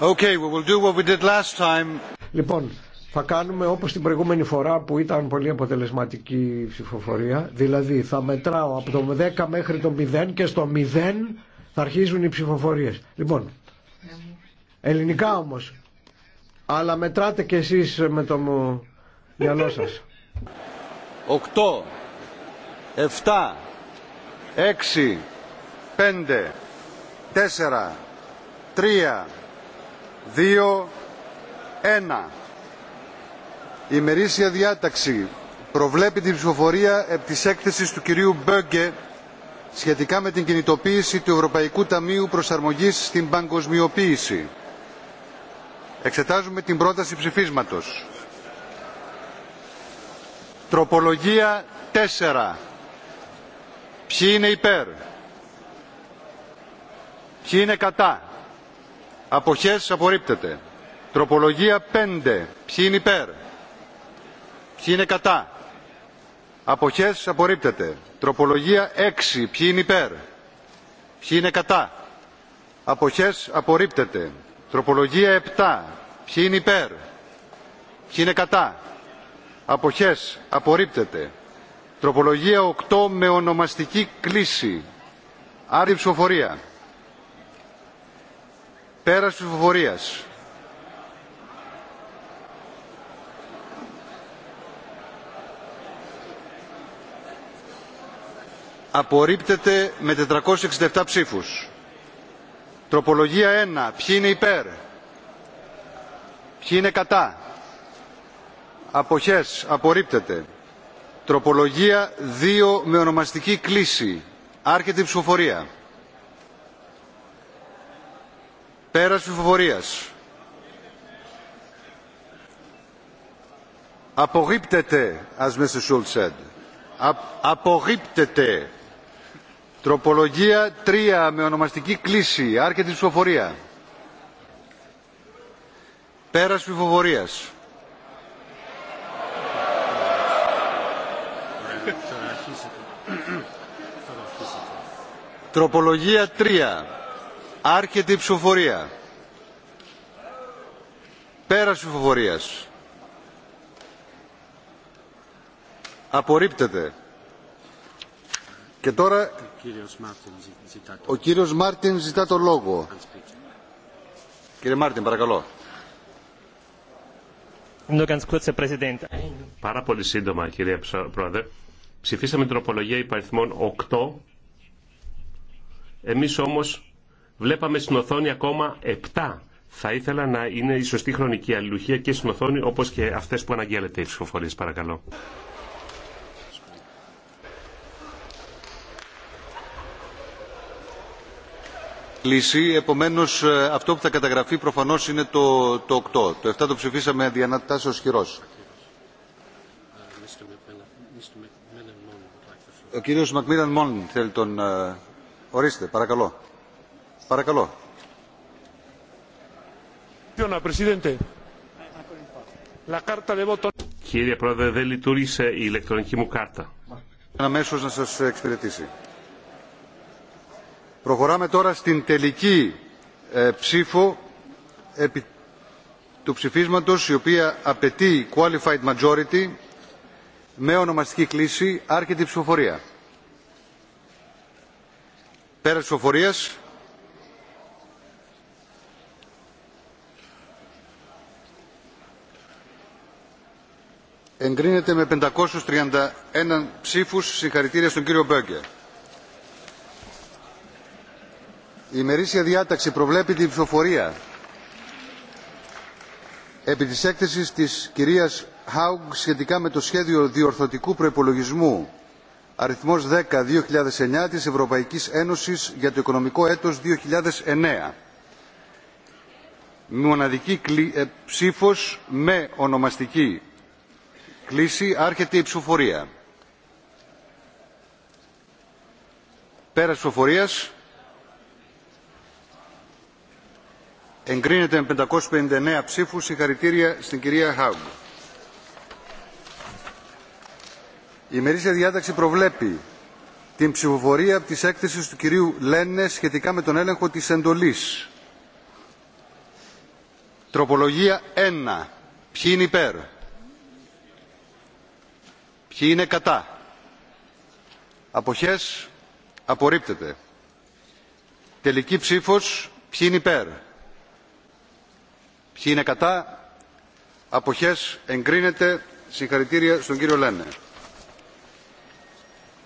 Okay, we will do what we did last time. Λοιπόν, θα κάνουμε όπως την προηγούμενη φορά που ήταν πολύ αποτελεσματική η ψηφοφορία. Δηλαδή θα μετράω από το 10 μέχρι το 0 και στο 0 θα αρχίζουν οι ψηφοφορίες. Λοιπόν, ελληνικά όμως. Αλλά μετράτε κι εσείς με το μυαλό σας. 8, 7, 6, 5, 4, 3, 2, 1. Η ημερήσια διάταξη προβλέπει την ψηφοφορία επ της έκθεσης του κυρίου Μπέγκε σχετικά με την κινητοποίηση του Ευρωπαϊκού Ταμείου Προσαρμογής στην Παγκοσμιοποίηση. Εξετάζουμε την πρόταση ψηφίσματος. Τροπολογία 4. Ποιοι είναι υπέρ. Ποιοι είναι κατά. Αποχές απορρίπτεται. Τροπολογία 5. Ποιοι είναι υπέρ. Ποιοι είναι κατά. Αποχές απορρίπτεται. Τροπολογία 6. Ποιοι είναι υπέρ. Ποιοι είναι κατά. Αποχές απορρίπτεται. Τροπολογία 7. Ποιοι είναι υπέρ. Ποιοι είναι κατά. Αποχές απορρίπτεται. Τροπολογία 8 με ονομαστική κλίση. Άρη ψηφοφορία. Πέρας ψηφοφορίας. Απορρίπτεται με 467 ψήφους. Τροπολογία 1. Ποιοι είναι υπέρ. Ποιοι είναι κατά. Αποχές. Απορρίπτεται. Τροπολογία 2 με ονομαστική κλίση. Άρχεται η ψηφοφορία. Πέρας ψηφοφορίας. Απογύπτεται, as Mr. Schultz said. Απογύπτεται. Τροπολογία 3 με ονομαστική κλίση. Άρκετη η ψηφοφορία. Πέρας ψηφοφορίας. Τροπολογία 3. Άρχεται η ψηφοφορία. Πέρας ψηφοφορίας. Απορρίπτεται. Και τώρα ο κύριος Μάρτιν ζητά το λόγο. Κύριε Μάρτιν, παρακαλώ. Πάρα πολύ σύντομα, κύριε Πρόεδρε. Ψηφίσαμε την τροπολογία υπαριθμών 8. Εμείς όμως Βλέπαμε στην οθόνη ακόμα 7. Θα ήθελα να είναι η σωστή χρονική αλληλουχία και στην οθόνη όπως και αυτές που αναγγέλλεται οι ψηφοφορίες. Παρακαλώ. Λύση. Επομένως ε, αυτό που θα καταγραφεί προφανώς είναι το, το 8. Το 7 το ψηφίσαμε ω χειρός. Ο κύριος Μακμίδαν Μόν θέλει τον... Ε, ορίστε, παρακαλώ. Παρακαλώ. Κύριε Πρόεδρε, δεν λειτουργήσε η ηλεκτρονική μου κάρτα. Αμέσω να σας εξυπηρετήσει. Προχωράμε τώρα στην τελική ε, ψήφο του ψηφίσματος η οποία απαιτεί qualified majority με ονομαστική κλίση άρκετη ψηφοφορία. Πέρα ψηφοφορίας. εγκρίνεται με 531 ψήφους. Συγχαρητήρια στον κύριο Μπέγκε. Η ημερήσια διάταξη προβλέπει την ψηφοφορία επί της έκθεσης της κυρίας Χάουγκ σχετικά με το σχέδιο διορθωτικού προϋπολογισμού αριθμός 10-2009 της Ευρωπαϊκής Ένωσης για το οικονομικό έτος 2009. Μοναδική ε, ψήφος με ονομαστική κλείσει. Άρχεται η ψηφοφορία. Πέρα ψηφοφορίας. Εγκρίνεται με 559 ψήφους. Συγχαρητήρια στην κυρία Χάουγκ. Η μερίσια διάταξη προβλέπει την ψηφοφορία της έκθεσης του κυρίου Λένε σχετικά με τον έλεγχο της εντολής. Τροπολογία 1. Ποιοι είναι υπέρ. Ποιοι είναι κατά. Αποχές. Απορρίπτεται. Τελική ψήφος. Ποιοι είναι υπέρ. Ποιοι είναι κατά. Αποχές. Εγκρίνεται. Συγχαρητήρια στον κύριο Λένε.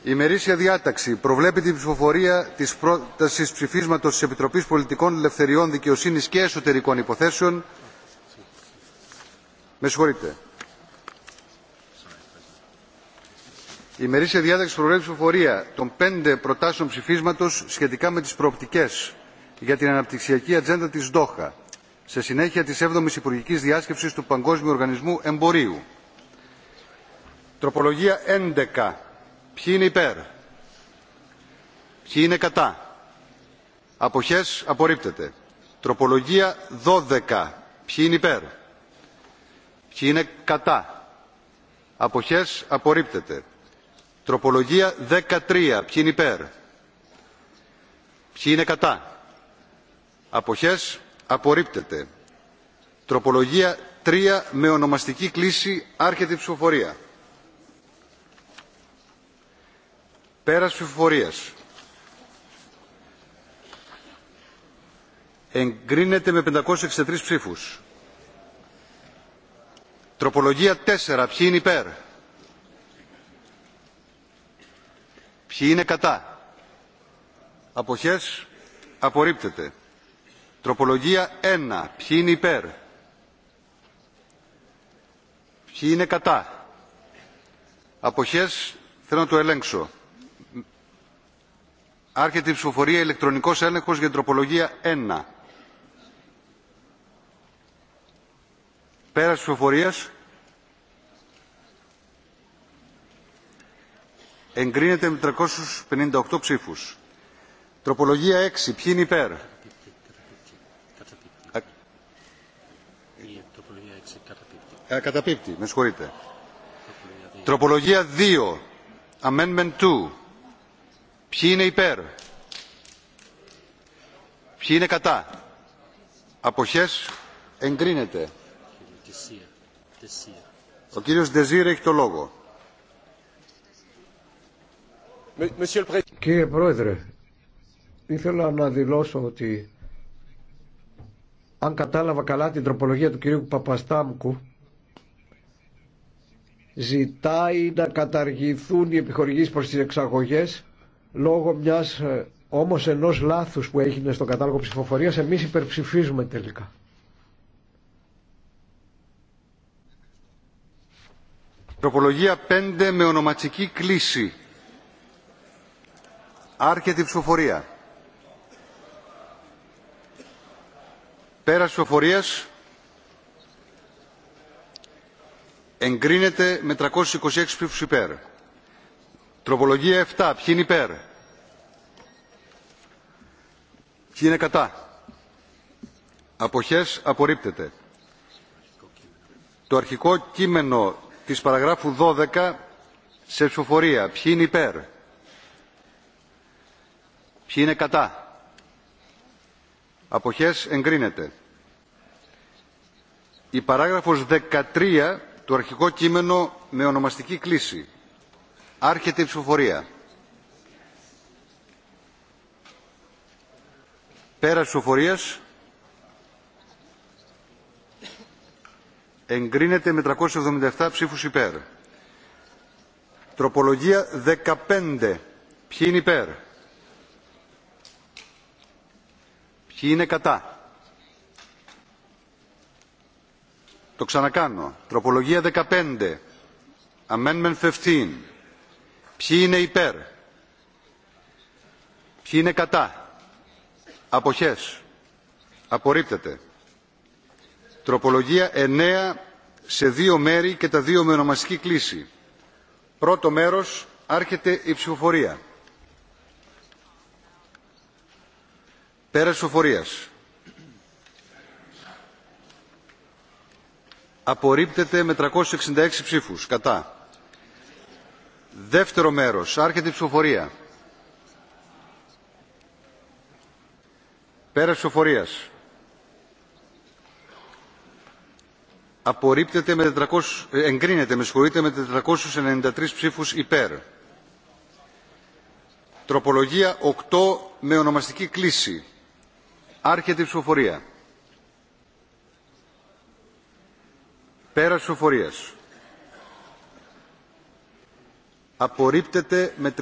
Η ημερήσια διάταξη προβλέπει την ψηφοφορία της πρότασης ψηφίσματος της Επιτροπής Πολιτικών Ελευθεριών Δικαιοσύνης και Εσωτερικών Υποθέσεων. Με συγχωρείτε. Η ημερήσια διάταξη προβλέπει ψηφοφορία των πέντε προτάσεων ψηφίσματο σχετικά με τι προοπτικέ για την αναπτυξιακή ατζέντα τη Δόχα, σε συνέχεια τη 7η Υπουργική Διάσκεψη του Παγκόσμιου Οργανισμού Εμπορίου. Τροπολογία 11. Ποιοι είναι υπέρ. Ποιοι είναι κατά. Αποχέ, απορρίπτεται. Τροπολογία 12. Ποιοι είναι υπέρ. Ποιοι είναι κατά. Αποχές απορρίπτεται. Τροπολογία 13. Ποιοι είναι υπέρ. Ποιοι είναι κατά. Αποχές. Απορρίπτεται. Τροπολογία 3 με ονομαστική κλίση άρχεται η ψηφοφορία. Πέρας ψηφοφορίας. Εγκρίνεται με 563 ψήφους. Τροπολογία 4. Ποιοι είναι υπέρ. Ποιοι είναι κατά. Αποχές. Απορρίπτεται. Τροπολογία 1. Ποιοι είναι υπέρ. Ποιοι είναι κατά. Αποχές. Θέλω να το ελέγξω. Άρχεται η ψηφοφορία ηλεκτρονικός έλεγχος για τροπολογία 1. Πέρας ψηφοφορίας. εγκρίνεται με 358 ψήφους. Τροπολογία 6. Ποιοι είναι υπέρ. Ε, καταπίπτει, με συγχωρείτε. Τροπολογία 2. Amendment 2. Ποιοι είναι υπέρ. Ποιοι είναι κατά. Αποχές εγκρίνεται. Ο κύριος Ντεζίρ έχει το λόγο. Κύριε Πρόεδρε, ήθελα να δηλώσω ότι αν κατάλαβα καλά την τροπολογία του κυρίου Παπαστάμκου ζητάει να καταργηθούν οι επιχορηγήσεις προς τις εξαγωγές λόγω μιας ε, όμως ενός λάθους που έγινε στο κατάλογο ψηφοφορίας εμείς υπερψηφίζουμε τελικά. Τροπολογία 5 με ονοματική κλίση. Άρχεται η ψηφοφορία. Πέρας ψηφοφορίας εγκρίνεται με 326 ψήφους υπέρ. Τροπολογία 7. Ποιοι είναι υπέρ. Ποιοι είναι κατά. Αποχές απορρίπτεται. Το αρχικό κείμενο της παραγράφου 12 σε ψηφοφορία. Ποιοι είναι υπέρ. Ποιοι είναι κατά. Αποχές εγκρίνεται. Η παράγραφος 13 του αρχικό κείμενο με ονομαστική κλίση. Άρχεται η ψηφοφορία. Πέρα ψηφοφορίας εγκρίνεται με 377 ψήφους υπέρ. Τροπολογία 15. Ποιοι είναι υπέρ. Ποιοι είναι κατά. Το ξανακάνω. Τροπολογία 15. Amendment 15. Ποιοι είναι υπέρ. Ποιοι είναι κατά. Αποχές. Απορρίπτεται. Τροπολογία 9 σε δύο μέρη και τα δύο με ονομαστική κλίση. Πρώτο μέρος άρχεται η ψηφοφορία. Πέρας ψηφοφορία. Απορρίπτεται με 366 ψήφους. Κατά. Δεύτερο μέρος. Άρχεται η ψηφοφορία. Πέρας ψηφοφορία. Απορρίπτεται με ε, εγκρίνεται με με 493 ψήφους υπέρ. Τροπολογία 8 με ονομαστική κλίση. Άρχεται η ψηφοφορία. Πέρα ψηφοφορία. Απορρίπτεται με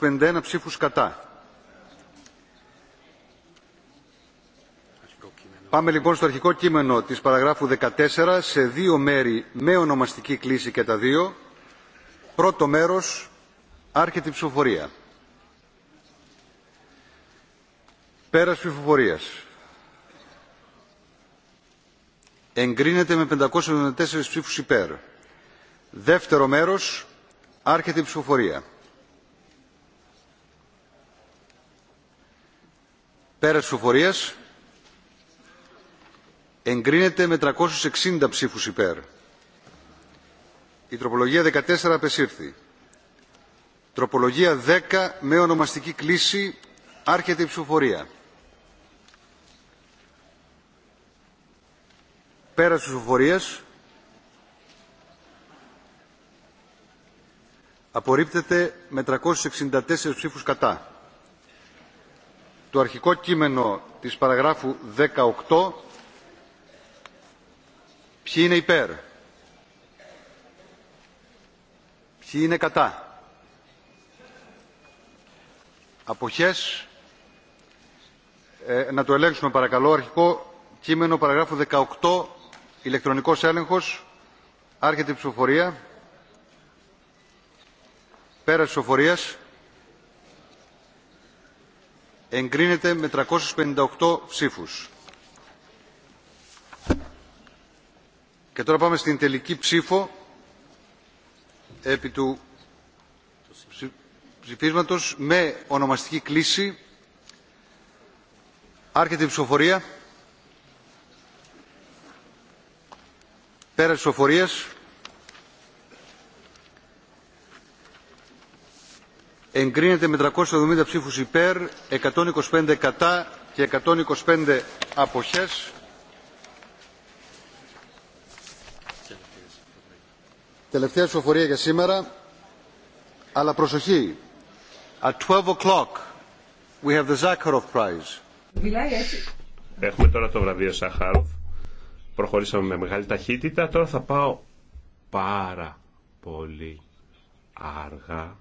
351 ψήφους κατά. Πάμε λοιπόν στο αρχικό κείμενο της παραγράφου 14 σε δύο μέρη με ονομαστική κλίση και τα δύο. Πρώτο μέρος, άρχεται η ψηφοφορία. Πέρας ψηφοφορίας. εγκρίνεται με 574 ψήφους υπέρ. Δεύτερο μέρος, άρχεται η ψηφοφορία. Πέρας ψηφοφορίας, εγκρίνεται με 360 ψήφους υπέρ. Η τροπολογία 14 απεσύρθη. Τροπολογία 10 με ονομαστική κλίση, άρχεται η ψηφοφορία. Πέρας της ψηφοφορίας απορρίπτεται με 364 ψήφους κατά. Το αρχικό κείμενο της παραγράφου 18 ποιοι είναι υπέρ ποιοι είναι κατά αποχές ε, να το ελέγξουμε παρακαλώ αρχικό κείμενο παραγράφου 18 Ηλεκτρονικός έλεγχος. Άρχεται η ψηφοφορία. Πέρα της ψηφοφορίας. Εγκρίνεται με 358 ψήφους. Και τώρα πάμε στην τελική ψήφο επί του ψηφίσματος με ονομαστική κλίση. Άρχεται η ψηφοφορία. Πέρα της οφορίας. Εγκρίνεται με 370 ψήφους υπέρ, 125 κατά και 125 αποχές. Τελευταία ψηφοφορία για σήμερα. Αλλά προσοχή. At 12 o'clock we have the Zakharov Prize. Έχουμε τώρα το βραβείο Σαχάροφ προχωρήσαμε με μεγάλη ταχύτητα. Τώρα θα πάω πάρα πολύ αργά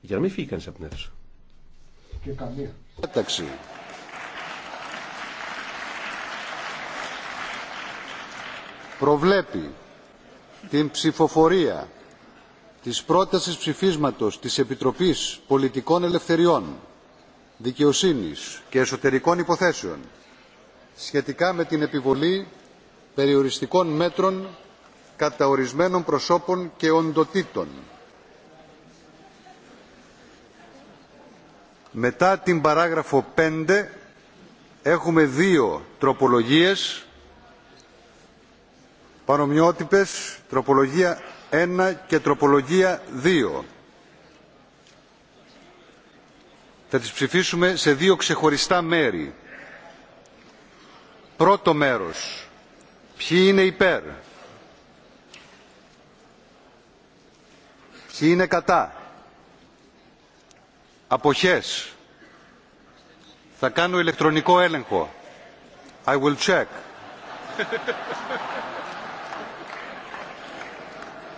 για να μην φύγει κανείς από την αίθουσα. Και καμία. Προβλέπει την ψηφοφορία της πρότασης ψηφίσματος της Επιτροπής Πολιτικών Ελευθεριών, Δικαιοσύνης και Εσωτερικών Υποθέσεων σχετικά με την επιβολή περιοριστικών μέτρων κατά ορισμένων προσώπων και οντοτήτων. Μετά την παράγραφο 5 έχουμε δύο τροπολογίες παρομοιότυπες, τροπολογία 1 και τροπολογία 2. Θα τις ψηφίσουμε σε δύο ξεχωριστά μέρη. Πρώτο μέρος. Ποιοι είναι υπέρ. Ποιοι είναι κατά. Αποχές. Θα κάνω ηλεκτρονικό έλεγχο. I will check.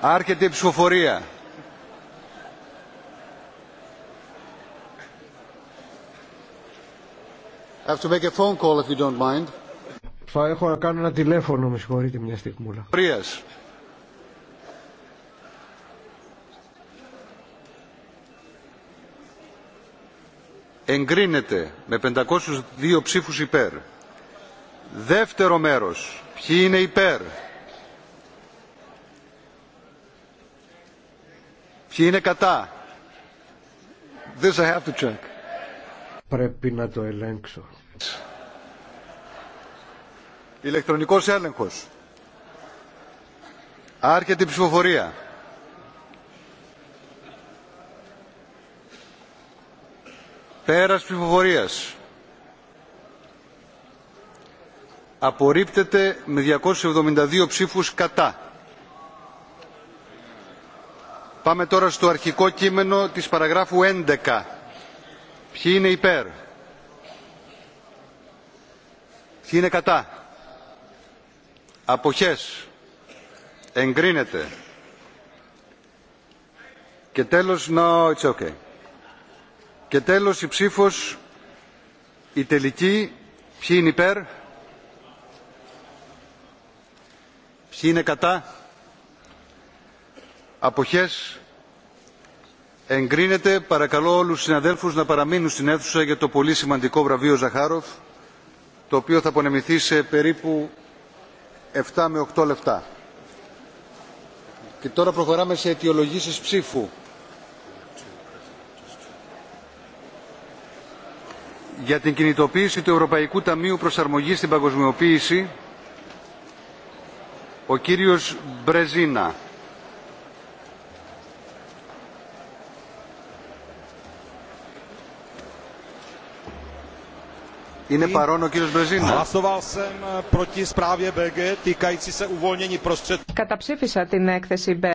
Άρχεται η ψηφοφορία. I have to make a phone call if you don't mind. Θα έχω να κάνω ένα τηλέφωνο, με συγχωρείτε μια στιγμούλα. Πρίας. Εγκρίνεται με 502 ψήφους υπέρ. Δεύτερο μέρος. Ποιοι είναι υπέρ. Ποιοι είναι κατά. This I have to check. Πρέπει να το ελέγξω. Ηλεκτρονικός έλεγχος. Άρχεται η ψηφοφορία. Πέρας ψηφοφορίας. Απορρίπτεται με 272 ψήφους κατά. Πάμε τώρα στο αρχικό κείμενο της παραγράφου 11. Ποιοι είναι υπέρ. Ποιοι είναι κατά αποχές εγκρίνεται και τέλος no, it's και τέλος η ψήφος η τελική ποιοι είναι υπέρ ποιοι είναι κατά αποχές εγκρίνεται παρακαλώ όλους συναδέλφους να παραμείνουν στην αίθουσα για το πολύ σημαντικό βραβείο Ζαχάροφ το οποίο θα απονεμηθεί σε περίπου 7 με 8 λεπτά. Και τώρα προχωράμε σε αιτιολογήσεις ψήφου. Για την κινητοποίηση του Ευρωπαϊκού Ταμείου Προσαρμογής στην Παγκοσμιοποίηση, ο κύριος Μπρεζίνα. Είναι παρόν ο κύριος Μπρεζίνα. Καταψήφισα την έκθεση